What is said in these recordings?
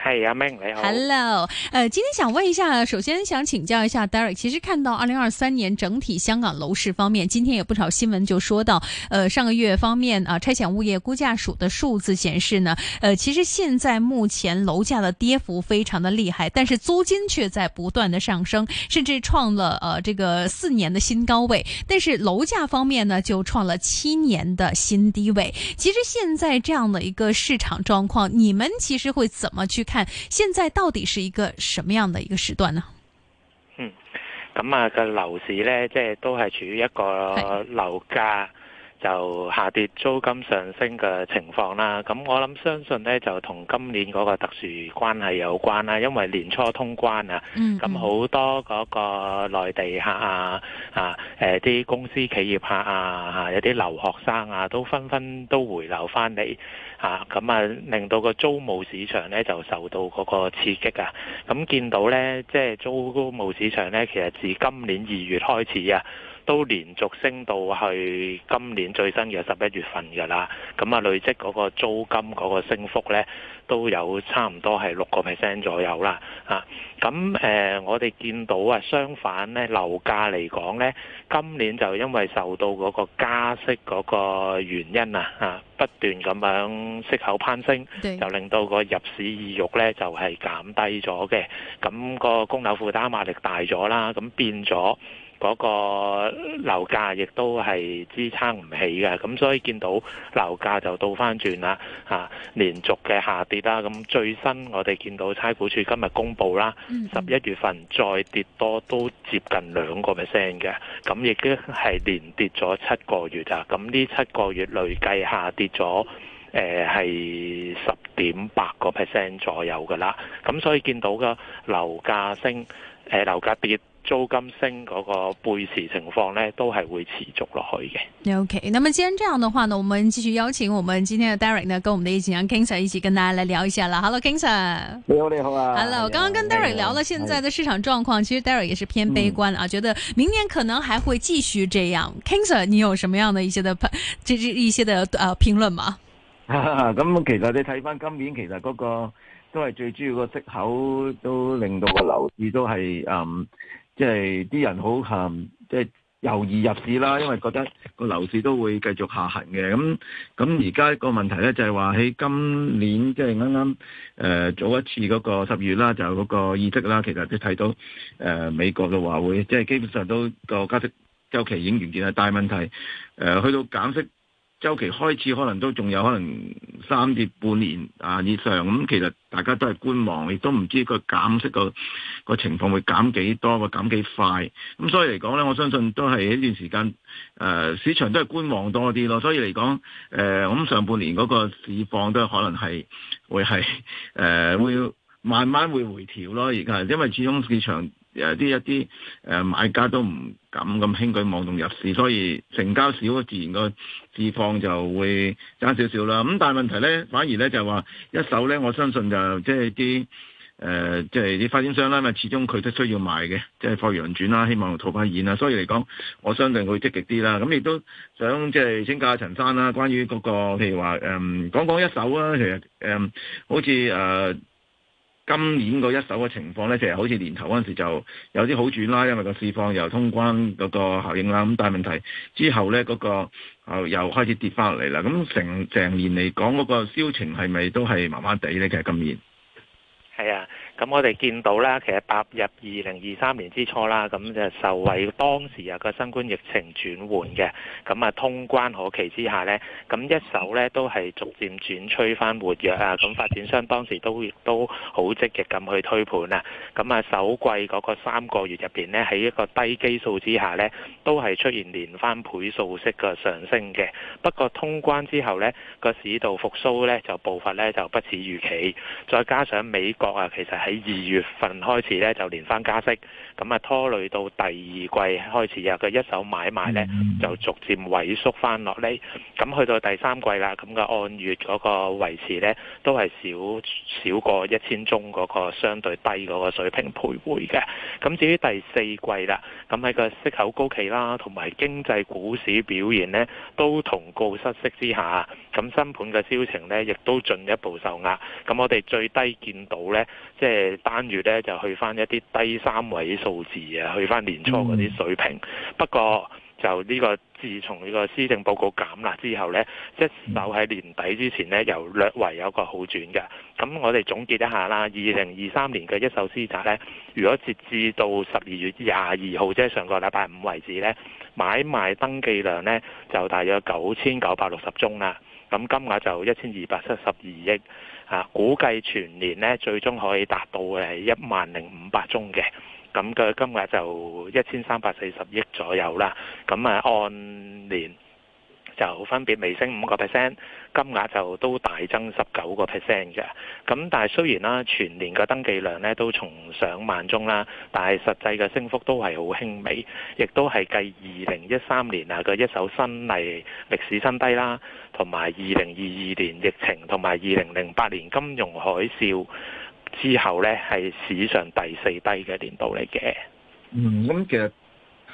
嗨，阿明你好，Hello，呃，今天想問一下，首先想請教一下 Derek，其實看到二零二三年整體香港樓市方面，今天有不少新聞就說到，呃，上個月方面啊，呃，差餉物業估價署的數字顯示呢，呃，其實現在目前樓價的跌幅非常的厲害，但是租金卻在不斷的上升，甚至創了呃這個四年的新高位，但是樓價方面呢就創了七年的新低位。其實現在這樣的一個市場狀況，你們其實會怎麼去？看現在到底是一個什麼樣的一個時段呢？咁、嗯、啊個樓市呢，即係都係處於一個樓價是就下跌、租金上升嘅情況啦。咁我諗相信呢，就同今年嗰個特殊關係有關啦。因為年初通關啊，咁好、嗯嗯、多嗰個內地客啊啊，誒、啊、啲、呃呃、公司企業客啊，啊，有啲留學生啊，都紛紛都回流翻嚟。吓，咁啊，啊，令到個租務市場咧就受到嗰個刺激啊，咁、啊、見到咧，即、就、係、是、租務市場咧，其實自今年二月開始啊。都連續升到去今年最新嘅十一月份㗎啦，咁啊累積嗰個租金嗰個升幅咧，都有差唔多係六個 percent 左右啦，啊，咁誒、呃、我哋見到啊，相反咧，樓價嚟講咧，今年就因為受到嗰個加息嗰個原因啊，啊不斷咁樣息口攀升，就對令到個入市意欲咧就係、是、減低咗嘅，咁、那個供樓負擔壓力大咗啦，咁變咗。嗰個樓價亦都係支撐唔起嘅，咁所以見到樓價就倒返轉啦，嚇連續嘅下跌啦。咁最新我哋見到差估處今日公布啦，十一月份再跌多都接近兩個 percent 嘅，咁亦都係連跌咗七個月啊。咁呢七個月累計下跌咗，誒係十點八個 percent 左右噶啦。咁所以見到嘅樓價升，誒樓價跌，租金升嗰個背時情況咧，都係會持續落去嘅。OK，那麼既然這樣的話呢，我們繼續邀請我們今天的 Derek 呢，跟我們的一起阿 King Sir 一起跟大家來聊一下啦。Hello，King Sir，你好你好啊。Hello，我剛剛跟 Derek 聊了現在的市場狀況，嗯、其實 Derek 也是偏悲觀啊，嗯、覺得明年可能還會繼續這樣。King Sir，你有什麼樣的一些的一些的呃評論嗎？咁、啊、其實你睇返今年其實嗰個都係最主要個息口都令到個樓市都係嗯。即係啲人好，即係猶豫入市啦，因為覺得個樓市都會繼續下行嘅。咁咁而家個問題咧就係話喺今年，即係啱啱誒早一次嗰個十月啦，就有嗰個議息啦。其實都睇到誒、呃、美國嘅話會，即係基本上都個加息周期已經完結啦。但係問題、呃、去到減息周期開始可能都仲有可能三至半年啊以上咁、嗯，其實大家都係觀望，亦都唔知個減息、個、個情況會減幾多，會減幾快。咁所以嚟講呢，我相信都係一段時間，誒、呃、市場都係觀望多啲咯。所以嚟講，我諗、呃、咁、嗯、上半年嗰個市況都係可能係會係誒、呃、會慢慢會回調咯。而家係因為始終市場。誒啲一啲誒買家都唔敢咁輕舉妄動入市，所以成交少，自然個市況就會差少少啦。咁但係問題咧，反而咧就係話一手咧，我相信就即係啲誒，即係啲發展商啦，咪始終佢都需要賣嘅，即係放羊轉啦，希望逃返現啦。所以嚟講，我相信會積極啲啦。咁亦都想即係請教下陳生啦，關於嗰、那個譬如話誒、呃，講一講一手啊，其實誒、呃，好似誒。呃今年個一手嘅情況呢，就係好似年頭嗰陣時就有啲好轉啦，因為個釋放又通關嗰個效應啦。咁但係問題之後呢，嗰個又又開始跌翻落嚟啦。咁成成年嚟講，嗰個銷情係咪都係麻麻地呢？其實今年係啊。咁我哋見到啦，其實踏入二零二三年之初啦，咁就受惠當時啊個新冠疫情轉緩嘅，咁啊通關可期之下呢，咁一手呢都係逐漸轉趨返活躍啊。咁發展商當時都亦都好積極咁去推盤啊。咁啊首季嗰個三個月入面呢，喺一個低基數之下呢，都係出現連番倍數式嘅上升嘅。不過通關之後呢，個市道復甦呢，就步伐呢就不似預期，再加上美國啊其實係。喺二月份開始咧，就連番加息，咁啊拖累到第二季開始啊嘅一手買賣咧，就逐漸萎縮翻落嚟。咁去到第三季啦，咁嘅按月嗰個維持咧，都係少少過一千宗嗰個相對低嗰個水平徘徊嘅。咁至於第四季啦，咁喺個息口高企啦，同埋經濟股市表現咧，都同告失色之下，咁新盤嘅銷情咧，亦都進一步受壓。咁我哋最低見到咧，即係。誒單月咧就去翻一啲低三位數字啊，去翻年初嗰啲水平。嗯、不過就呢、呢個，自從呢個施政報告減辣之後呢，一手喺年底之前呢，又略為有一個好轉嘅。咁我哋總結一下啦，二零二三年嘅一手私宅呢，如果截至到十二月廿二號啫，即係上個禮拜五為止呢，買賣登記量呢，就大約九千九百六十宗啦，咁金額就一千二百七十二億。估計全年咧最終可以達到嘅係一萬零五百宗嘅，咁嘅金額就一千三百四十億左右啦，咁啊按年，就分別微升五個 percent，金額就都大增十九個 percent 嘅。咁但係雖然啦，全年嘅登記量呢都從上萬宗啦，但係實際嘅升幅都係好輕微，亦都係繼二零一三年啊嘅一手新例歷史新低啦，同埋二零二二年疫情同埋二零零八年金融海嘯之後呢係史上第四低嘅年度嚟嘅、嗯。嗯，咁、嗯、其實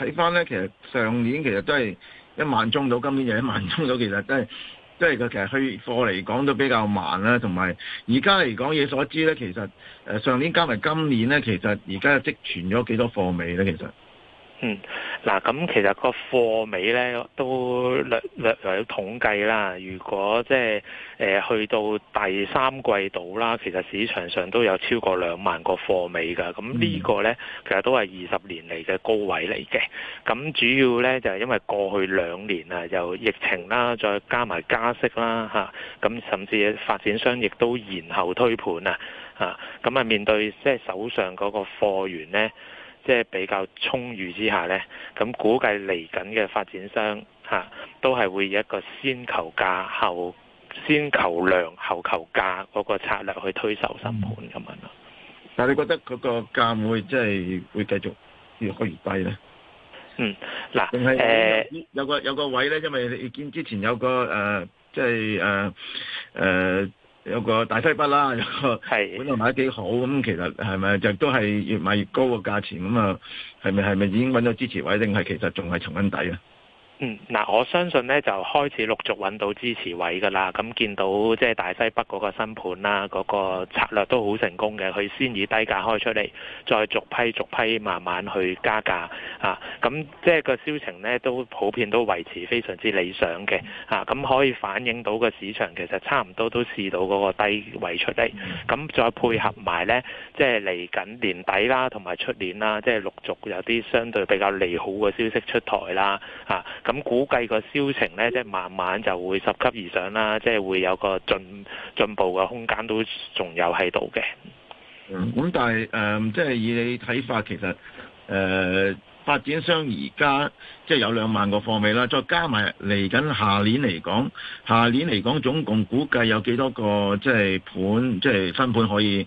睇返呢，其實上年其實都係。一萬宗到，今年就一萬宗到其，其實真係，即係佢其實去貨嚟講都比較慢啦，同埋而家嚟講嘢所知咧，其實誒上年加埋今年咧，其實而家積存咗幾多貨尾咧，其實。嗯，嗱，咁其實個貨尾咧都略略為統計啦。如果即係誒去到第三季度啦，其實市場上都有超過兩萬個貨尾㗎。咁呢個咧其實都係二十年嚟嘅高位嚟嘅。咁主要咧就係、是、因為過去兩年啊，由疫情啦，再加埋加息啦，嚇、啊，咁、啊、甚至發展商亦都延後推盤啊，嚇、啊。咁啊面對即係手上嗰個貨源咧。即係比較充裕之下呢，咁估計嚟緊嘅發展商嚇、啊、都係會一個先求價後先求量後求價嗰個策略去推售新盤咁樣咯。但係你覺得嗰個價會即係、就是、會繼續越嚟越低呢？嗯，嗱，誒、呃，有個有個位呢，因為你見之前有個誒、呃，即係誒誒。呃呃有個大西北啦，有個本來買得幾好咁，嗯，其實係咪就都係越買越高嘅價錢咁啊？係咪係咪已經揾到支持位，定係其實仲係重新底啊？嗱、嗯啊，我相信咧就開始陸續揾到支持位噶啦，咁、嗯、見到即係大西北嗰個新盤啦，嗰個策略都好成功嘅，佢先以低價開出嚟，再逐批逐批慢慢去加價，啊，咁即係個銷情呢，都普遍都維持非常之理想嘅，啊，咁、嗯、可以反映到個市場其實差唔多都試到嗰個低位出嚟，咁、嗯、再配合埋呢，即係嚟緊年底啦，同埋出年啦，即係陸續有啲相對比較利好嘅消息出台啦，啊，咁、嗯。咁估計個銷情咧，即係慢慢就會拾級而上啦，即係會有個進進步嘅空間都仲有喺度嘅。嗯，咁但係誒，即係以你睇法，其實誒、呃、發展商而家即係有兩萬個貨尾啦，再加埋嚟緊下年嚟講，下年嚟講總共估計有幾多個即係盤，即係分盤可以？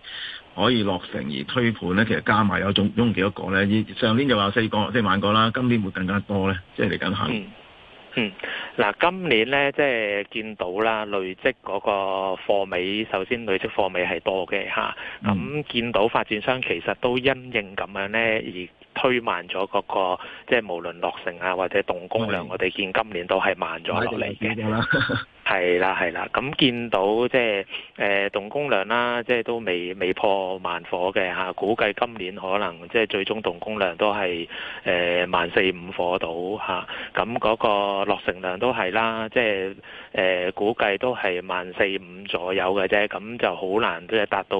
可以落成而推盤咧，其實加埋有總總有幾多個咧？上年就話四個、四萬個啦，今年會更加多咧，即係嚟緊係。嗯，嗱、嗯，今年咧即係見到啦，累積嗰個貨尾，首先累積貨尾係多嘅嚇。咁、嗯、見到發展商其實都因應咁樣咧而推慢咗嗰、嗰個，即係無論落成啊或者動工量，的我哋見今年都係慢咗落嚟嘅啦。 係啦，係啦，咁見到即係誒動工量啦，即係都未未破萬火嘅嚇、啊，估計今年可能即係最終動工量都係誒萬四五火到嚇，咁、啊、嗰、那個落成量都係啦，即係誒、呃、估計都係萬四五左右嘅啫，咁、啊、就好難即係達到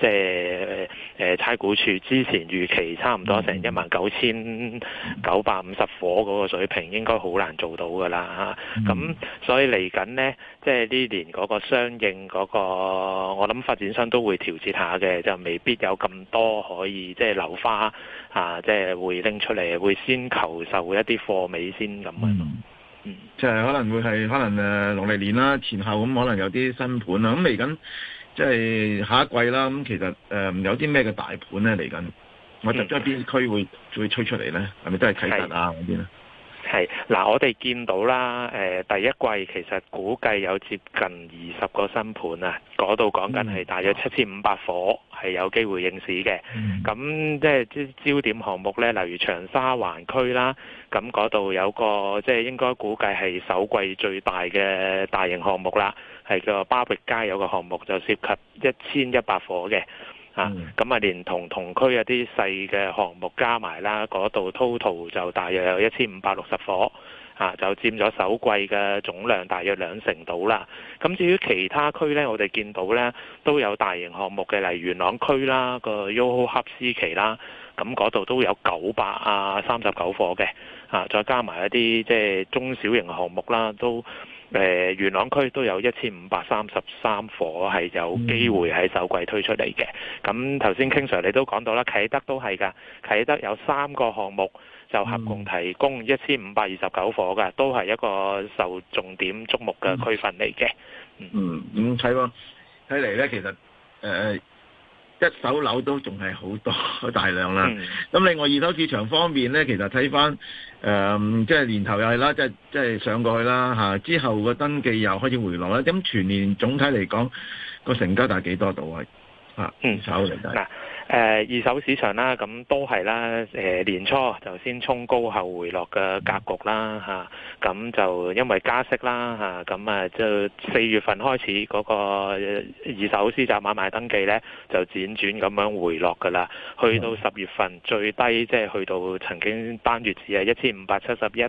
即係誒、呃、差估處之前預期差唔多成一萬九千九百五十火嗰個水平，應該好難做到㗎啦嚇，咁、啊、所以嚟緊。咧，即係呢年嗰個相應嗰個，我諗發展商都會調節下嘅，就未必有咁多可以即係樓花啊，即係會拎出嚟，會先求售一啲貨尾先咁啊。嗯，嗯即係可能會係可能誒、呃、農曆年啦，前後咁可能有啲新盤啦。咁嚟緊即係下一季啦。咁其實誒、呃、有啲咩嘅大盤咧嚟緊？我睇咗邊區會、嗯、會推出嚟咧？係咪都係啟德啊嗰啲咧？的係嗱，我哋見到啦，誒、呃、第一季其實估計有接近二十個新盤啊，嗰度講緊係大約七千五百伙，係、嗯、有機會應市嘅。咁、嗯、即係焦點項目呢，例如長沙灣區啦，咁嗰度有個即係應該估計係首季最大嘅大型項目啦，係個巴域街有個項目就涉及一千一百伙嘅。啊，咁、mm hmm. 啊，連同同區一啲細嘅項目加埋啦，嗰度 total 就大約有一千五百六十夥，啊，就佔咗首季嘅總量大約兩成度啦。咁、啊、至於其他區呢，我哋見到呢都有大型項目嘅，例如元朗區啦、啊，個 Yoho Hub C 期啦，咁嗰度都有九百啊三十九夥嘅，啊，再加埋一啲即係中小型項目啦、啊，都。呃、元朗區都有一千五百三十三伙係有機會喺首季推出嚟嘅，咁頭先傾，King Sir 你都講到啦，啟德都係㗎，啟德有三個項目就合共提供一千五百二十九伙㗎，都係一個受重點矚目嘅區份嚟嘅。嗯，咁睇睇嚟呢其實誒。呃一手樓都仲係好多 大量啦，咁、嗯、另外二手市場方面呢，其實睇翻，誒、呃，即係年頭又係啦，即係即係上過去啦吓、啊，之後個登記又開始回落啦，咁、啊、全年總體嚟講個成交大幾多度啊？吓、嗯，嗯，二手嚟睇。誒、uh, 二手市場啦，咁、嗯、都係啦。誒、呃、年初就先衝高後回落嘅格局啦，嚇、啊。咁就因為加息啦，嚇、啊。咁啊，就四月份開始嗰、那個二手私宅買賣登記呢，就輾轉咁樣回落㗎啦。去到十月份最低，即、就、係、是、去到曾經單月只係一千五百七十一。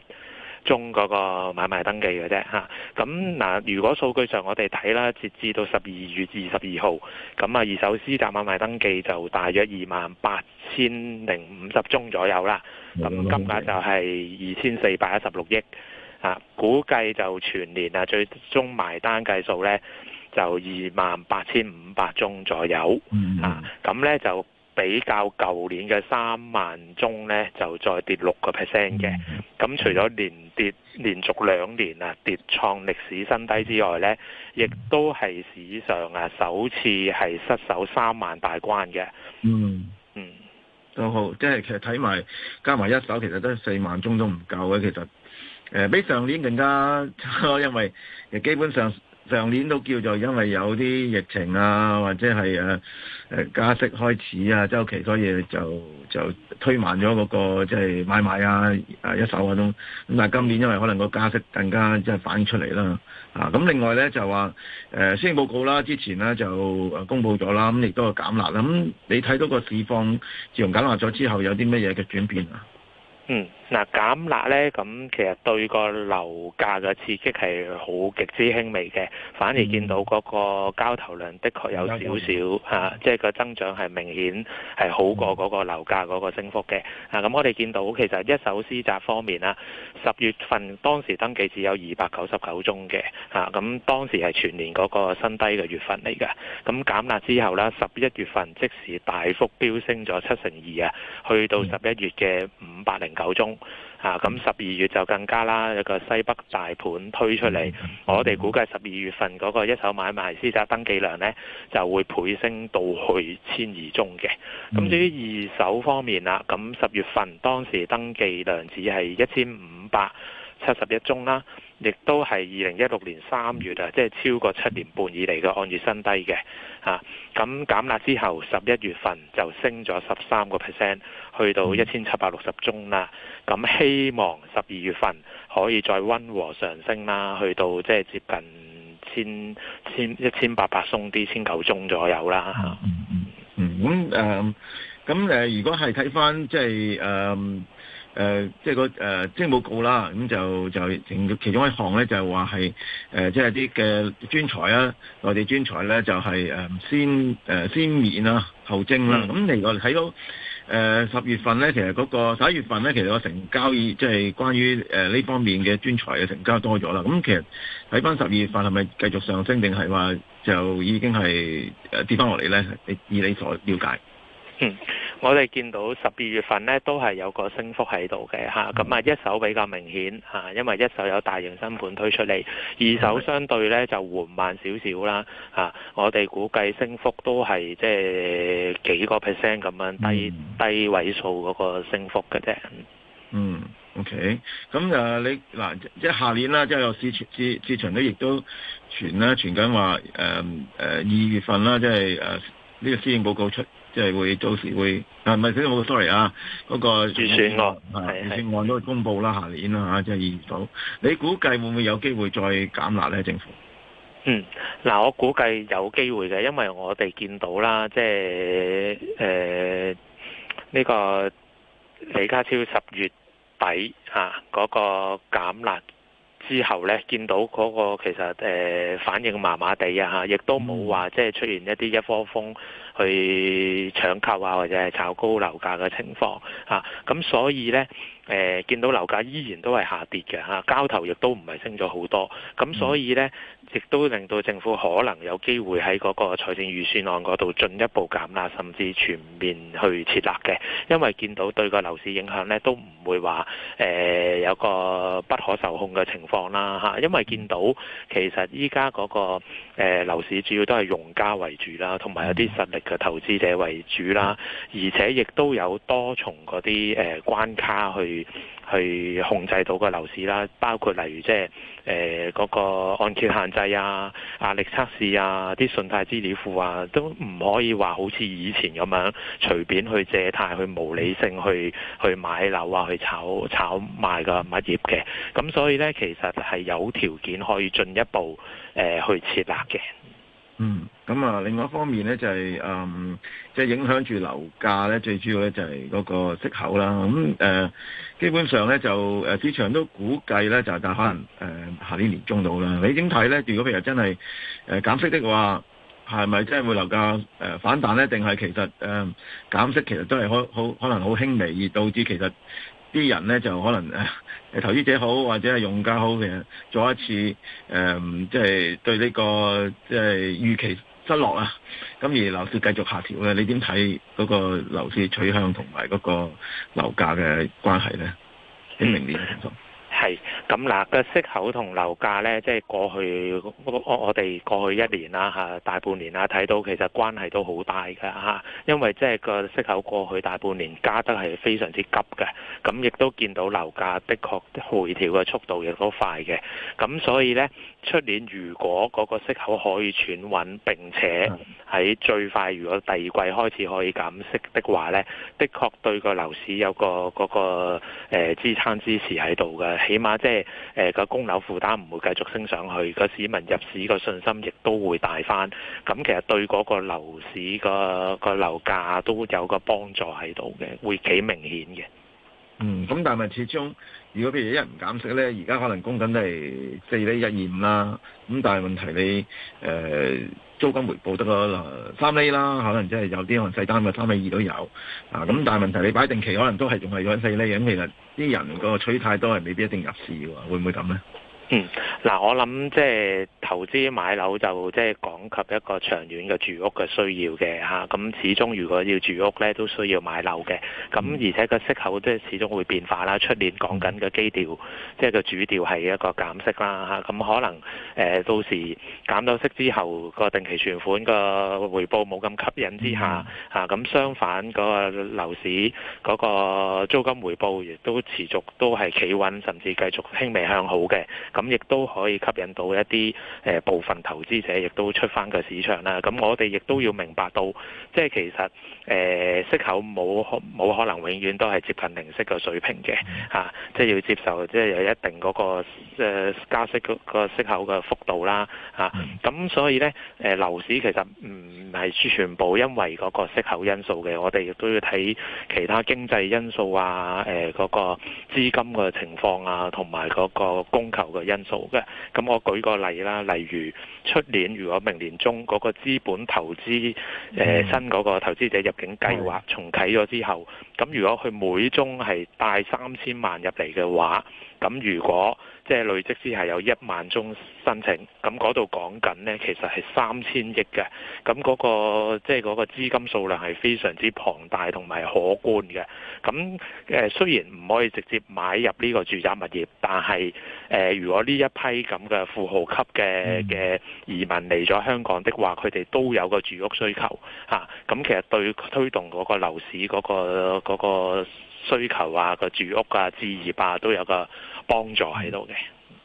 中嗰個買賣登記嘅啫嚇，咁、啊、嗱，如果數據上我哋睇啦，截至到十二月二十二號，咁啊二手私宅買賣登記就大約二萬八千零五十宗左右啦，咁金額就係二千四百一十六億、啊、估計就全年啊最終埋單計數呢就二萬八千五百宗左右啊，咁呢就。比較舊年嘅三萬宗咧，就再跌六個 percent 嘅。咁除咗連跌連續兩年啊跌創歷史新低之外咧，亦都係史上啊首次係失守三萬大關嘅。嗯嗯，都、嗯、好，即係其實睇埋加埋一手，其實都係四萬宗都唔夠嘅。其實誒、呃，比上年更加， 因為基本上。上年都叫做因為有啲疫情啊，或者係誒誒加息開始啊，周期所以就就推慢咗個個即係買賣啊誒一手啊嗰種。咁但係今年因為可能個加息更加即係反映出嚟啦。啊，咁另外咧就話誒施政報告啦，之前咧就誒公布咗啦，咁亦都係減辣啦。咁你睇到個市況自從減辣咗之後，有啲乜嘢嘅轉變啊？嗯。嗱減辣咧，咁其實對個樓價嘅刺激係好極之輕微嘅，反而見到嗰個交投量的確有少少嚇、 啊，即係個增長係明顯係好過嗰個樓價嗰個升幅嘅。啊，咁、嗯嗯嗯啊嗯、我哋見到其實一手私宅方面啦，十月份當時登記只有二百九十九宗嘅，嚇、啊、咁、嗯、當時係全年嗰個新低嘅月份嚟嘅。咁減辣之後啦，十一月份即時大幅飆升咗七成二啊，去到十一月嘅五百零九宗。嗯嗯嗯嗯啊，咁十二月就更加啦，一個西北大盤推出嚟，嗯、我哋估計十二月份嗰個一手買賣私宅登記量呢，就會倍升到去千二宗嘅。咁、嗯、至於二手方面啦，咁十月份當時登記量只係一千五百七十一宗啦。亦都係二零一六年三月啊，即係超過七年半以嚟嘅按月新低嘅嚇。咁、啊、減辣之後，十一月份就升咗十三個 percent，去到一千七百六十宗啦。咁希望十二月份可以再溫和上升啦，去到即係接近千千一千八百鬆啲，千九宗左右啦嚇。咁、嗯、誒，咁、嗯、誒、嗯嗯嗯嗯，如果係睇返即係誒。就是嗯誒、呃，即係、那個誒，即係施政報告啦。咁、嗯、就就其中一項咧，就係話係誒，即係啲嘅專才啊，內地專才咧，就係、是、誒先誒、呃、先免、啊、啦，後徵啦。咁另外睇到誒、呃、十月份咧，其實嗰個十一月份咧，其實個成交以即係、就是、關於誒呢、呃、方面嘅專才嘅成交多咗啦。咁、嗯、其實睇翻十二月份係咪繼續上升，定係話就已經係誒跌翻落嚟咧？以你所了解，嗯。我哋見到十二月份咧都係有個升幅喺度嘅嚇，咁啊一手比較明顯嚇、啊，因為一手有大型新盤推出嚟，二手相對咧就緩慢少少啦嚇。我哋估計升幅都係即係幾個 percent 咁樣低、嗯、低位數嗰個升幅嘅啫。嗯，OK，咁啊你嗱即係下年啦，即係有市市市場咧亦都傳啦傳緊話誒誒二月份啦，即係誒呢個施政報告出。即係會到時會啊，唔係先生，sorry 啊，嗰、那個預算案，案，預算、啊、是是案都係公布啦，下年啦、啊、嚇，即係二月度。你估計會唔會有機會再減辣咧？政府嗯，嗱，我估計有機會嘅，因為我哋見到啦，即係誒呢個李家超十月底嚇嗰、啊那個減辣之後咧，見到嗰個其實誒、呃、反應麻麻地啊，亦都冇話即係出現一啲一窩蜂。去搶購啊，或者係炒高樓價嘅情況啊，咁所以咧。誒見到樓價依然都係下跌嘅嚇，交投亦都唔係升咗好多，咁所以呢，亦都令到政府可能有機會喺嗰個財政預算案嗰度進一步減辣，甚至全面去撤辣嘅，因為見到對個樓市影響呢，都唔會話誒、呃、有個不可受控嘅情況啦嚇，因為見到其實依家嗰個誒、呃、樓市主要都係用家為主啦，同埋有啲實力嘅投資者為主啦，而且亦都有多重嗰啲誒關卡去。去控制到個樓市啦，包括例如即係誒嗰個按揭限制啊、壓力測試啊、啲信貸資料庫啊，都唔可以話好似以前咁樣隨便去借貸、去無理性去去買樓啊、去炒炒賣個物業嘅。咁所以呢，其實係有條件可以進一步誒、呃、去設立嘅。嗯，咁啊，另外一方面咧就係、是，嗯，即、就、係、是、影響住樓價咧，最主要咧就係嗰個息口啦。咁、嗯、誒、呃，基本上咧就誒、呃，市場都估計咧就係、是、但可能誒、呃、下年年中到啦。你點睇咧？如果譬如真係誒、呃、減息的話，係咪真係會樓價誒、呃、反彈咧？定係其實誒、呃、減息其實都係可好可能好輕微，而導致其實。啲人咧就可能誒、啊、投資者好或者係用家好嘅做一次誒，即、呃、係、就是、對呢、這個即係預期失落啊。咁而樓市繼續下調咧，你點睇嗰個樓市取向同埋嗰個樓價嘅關係咧？喺明年嘅情況。 係咁嗱，個息口同樓價呢，即係過去我哋過去一年啦嚇、啊，大半年啦，睇、啊、到其實關係都好大嘅嚇、啊，因為即係個息口過去大半年加得係非常之急嘅，咁、啊、亦都見到樓價的確回調嘅速度亦都快嘅，咁、啊、所以呢，出年如果嗰個息口可以轉穩，並且喺最快如果第二季開始可以減息的話呢，的確對個樓市有個嗰個，個，個、呃、支撐支持喺度嘅。起碼即係誒個供樓負擔唔會繼續升上去，個市民入市個信心亦都會大翻，咁其實對嗰個樓市、個樓價都有個幫助喺度嘅，會幾明顯嘅。嗯，咁但係咪始終，如果譬如一人唔減息咧，而家可能供緊都係四厘一二五啦。咁但係問題你誒、呃、租金回報得個三厘啦，可能即係有啲可能細單嘅三厘二都有。啊，咁但係問題你擺定期可能都係仲係揾緊四厘，咁、嗯、其實啲人嗰個取態都係未必一定入市嘅喎，會唔會咁咧？嗯，嗱，我諗即係投資買樓就即係講及一個長遠嘅住屋嘅需要嘅吓，咁、啊、始終如果要住屋咧，都需要買樓嘅。咁、啊、而且個息口即係始終會變化啦。出、啊、年講緊嘅基調，即係個主調係一個減息啦吓。咁、啊啊、可能誒、啊、到時減到息之後，個定期存款個回報冇咁吸引之下，吓、啊、咁、啊、相反個樓市嗰個租金回報亦都持續都係企穩，甚至繼續輕微向好嘅。咁亦都可以吸引到一啲誒、呃、部分投資者，亦都出翻個市場啦。咁、啊、我哋亦都要明白到，即係其實誒、呃、息口冇冇可能永遠都係接近零息嘅水平嘅吓、啊，即係要接受即係有一定嗰、那個誒、呃、加息嗰、嗰個息口嘅幅度啦吓，咁、啊、所以咧誒樓市其實唔係全部因為嗰個息口因素嘅，我哋亦都要睇其他經濟因素啊、誒嗰個資金嘅情況啊，同埋嗰個供求嘅，因素嘅，咁我舉個例啦，例如出年如果明年中嗰個資本投資誒、呃、新嗰個投資者入境計劃重啟咗之後，咁如果佢每宗係帶三千萬入嚟嘅話。咁如果即係累積之下有一萬宗申請，咁嗰度講緊呢其實係三千億嘅，咁嗰、嗰個即係嗰個資金數量係非常之龐大同埋可觀嘅。咁誒雖然唔可以直接買入呢個住宅物業，但係誒、呃、如果呢一批咁嘅富豪級嘅嘅移民嚟咗香港的話，佢哋都有個住屋需求嚇。咁、啊、其實對推動嗰個樓市嗰個嗰個，嗰個需求啊，個住屋啊、置業啊，都有個幫助喺度嘅。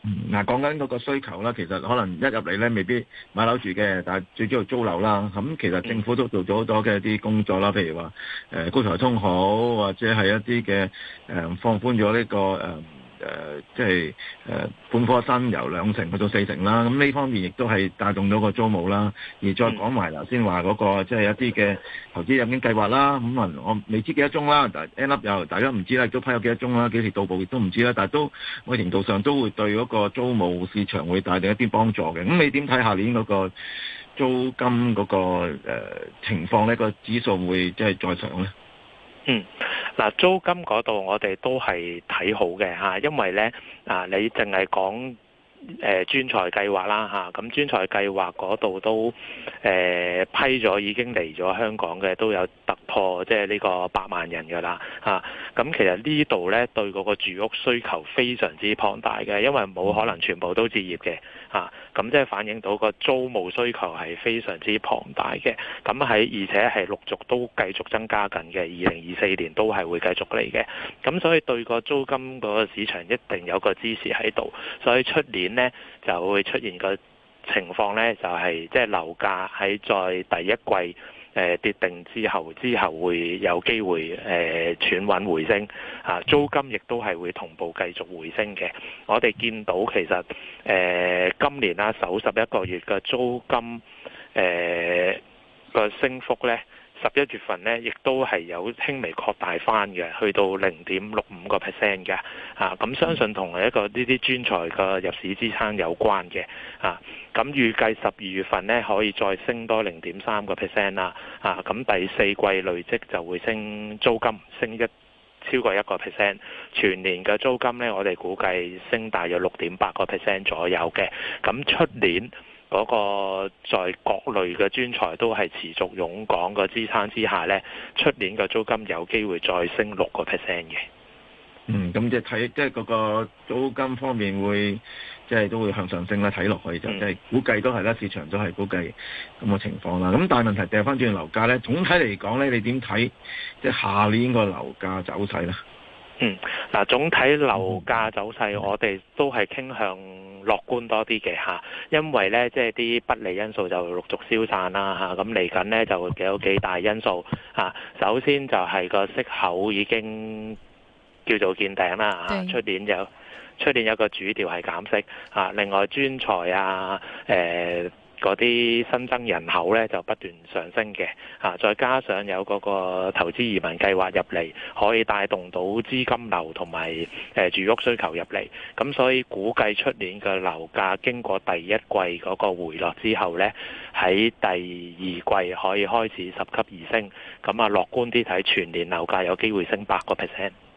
嗯，嗱、啊，講緊嗰個需求啦，其實可能一入嚟咧，未必買樓住嘅，但係最主要租樓啦。咁、嗯、其實政府都做咗好多嘅一啲工作啦，譬如話誒、呃、高才通好，或者係一啲嘅誒放寬咗呢、呢個誒。呃誒、呃，即係誒，本科生由兩成去到四成啦。咁呢方面亦都係帶動咗個租務啦。而再講埋頭先話嗰個，即、就、係、是、一啲嘅投資入境計劃啦。咁、嗯、啊，我未知幾多宗啦。但係 end up 又大家唔知啦。都批咗幾多宗啦？幾時到步亦都唔知啦。但係都某程度上都會對嗰個租務市場會帶嚟一啲幫助嘅。咁你點睇下年嗰個租金嗰個、呃、情況呢？個指數會即係再上咧？嗯。嗱，租金嗰度我哋都係睇好嘅吓，因為咧啊，你淨係講。誒專才計劃啦嚇，咁、啊、專才計劃嗰度都誒、啊、批咗，已經嚟咗香港嘅都有突破，即係呢個百萬人㗎啦嚇。咁、啊啊、其實呢度呢，對嗰個住屋需求非常之龐大嘅，因為冇可能全部都置業嘅嚇，咁、啊啊、即係反映到個租務需求係非常之龐大嘅。咁喺而且係陸續都繼續增加緊嘅，二零二四年都係會繼續嚟嘅。咁、啊、所以對個租金嗰個市場一定有個支持喺度，所以出年。咧就會出現個情況呢，就係即係樓價喺在第一季誒、呃、跌定之後，之後會有機會誒轉穩回升嚇、啊，租金亦都係會同步繼續回升嘅。我哋見到其實誒、呃、今年啦、啊，首十一個月嘅租金誒個、呃、升幅呢。十一月份呢，亦都係有輕微擴大返嘅，去到零點六五個 percent 嘅，啊，咁、嗯、相信同一個呢啲專才嘅入市支撐有關嘅，啊，咁預計十二月份呢，可以再升多零點三個 percent 啦，啊，咁第四季累積就會升租金升一超過一個 percent，全年嘅租金呢，我哋估計升大約六點八個 percent 左右嘅，咁、啊、出年，嗰個在各類嘅專才都係持續湧港嘅支撐之下呢，出年嘅租金有機會再升六個 percent 嘅。嗯，咁即係睇，即係嗰個租金方面會，即係都會向上升啦，睇落去就即係，嗯，估計都係啦，市場都係估計咁嘅情況啦。咁但係問題掉翻轉樓價呢，總體嚟講呢，你點睇即係下年個樓價走勢咧？嗯，嗱，總體樓價走勢，嗯，我哋都係傾向。樂觀多啲嘅嚇，因為呢即係啲不利因素就陸續消散啦嚇，咁嚟緊呢，就有幾大因素嚇、啊。首先就係個息口已經叫做見頂啦嚇，出、啊、年就出年有一個主調係減息嚇、啊，另外專才啊誒。呃嗰啲新增人口咧就不斷上升嘅，嚇、啊，再加上有嗰個投資移民計劃入嚟，可以帶動到資金流同埋誒住屋需求入嚟，咁所以估計出年嘅樓價經過第一季嗰個回落之後咧，喺第二季可以開始十級而升，咁啊，樂觀啲睇全年樓價有機會升八個 percent。